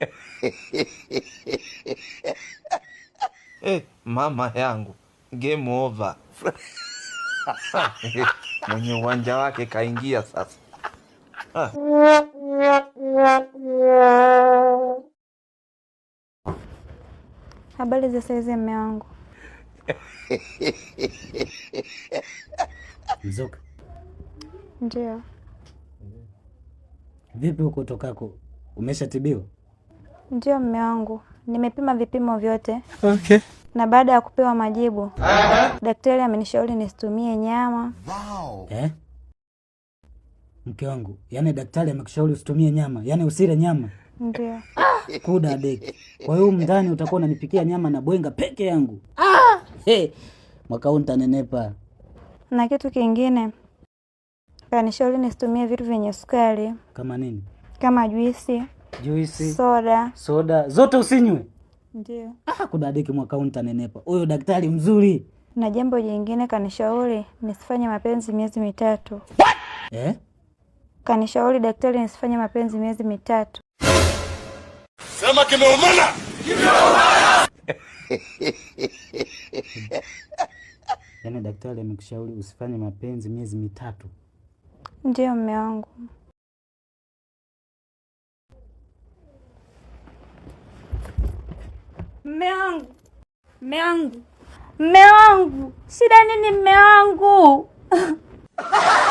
Hey, eh, mama yangu game over. Mwenye uwanja wake kaingia sasa. Habari za saizi mme wangu Mzuka? Ndio. Vipi huko tokako, umeshatibiwa? ndio mme wangu, nimepima vipimo vyote. Okay. Na baada ya kupewa majibu Daktari amenishauri nisitumie nyama. Wow. Eh? Mke wangu, yaani daktari amekushauri usitumie nyama, yaani usile nyama? Ndio. kuda deki. Kwa hiyo mndani utakuwa unanipikia nyama na bwenga peke yangu. Ah! Hey, mwaka huu nitanenepa. Na kitu kingine kanishauri nisitumie vitu vyenye sukari. Kama nini? Kama juisi juisi, soda, soda zote usinywe. Ndio. Ah, kuna deki mwakaunta nenepa. Huyo daktari mzuri. Na jambo jingine kanishauri nisifanye mapenzi miezi mitatu. Eh? Kanishauri daktari nisifanye mapenzi miezi mitatu. Sema kimeumana. Kimeumana. Yaani daktari amekushauri usifanye mapenzi miezi mitatu? Ndio, mme wangu. Mme wangu, mme wangu, mme wangu, shida nini mme wangu?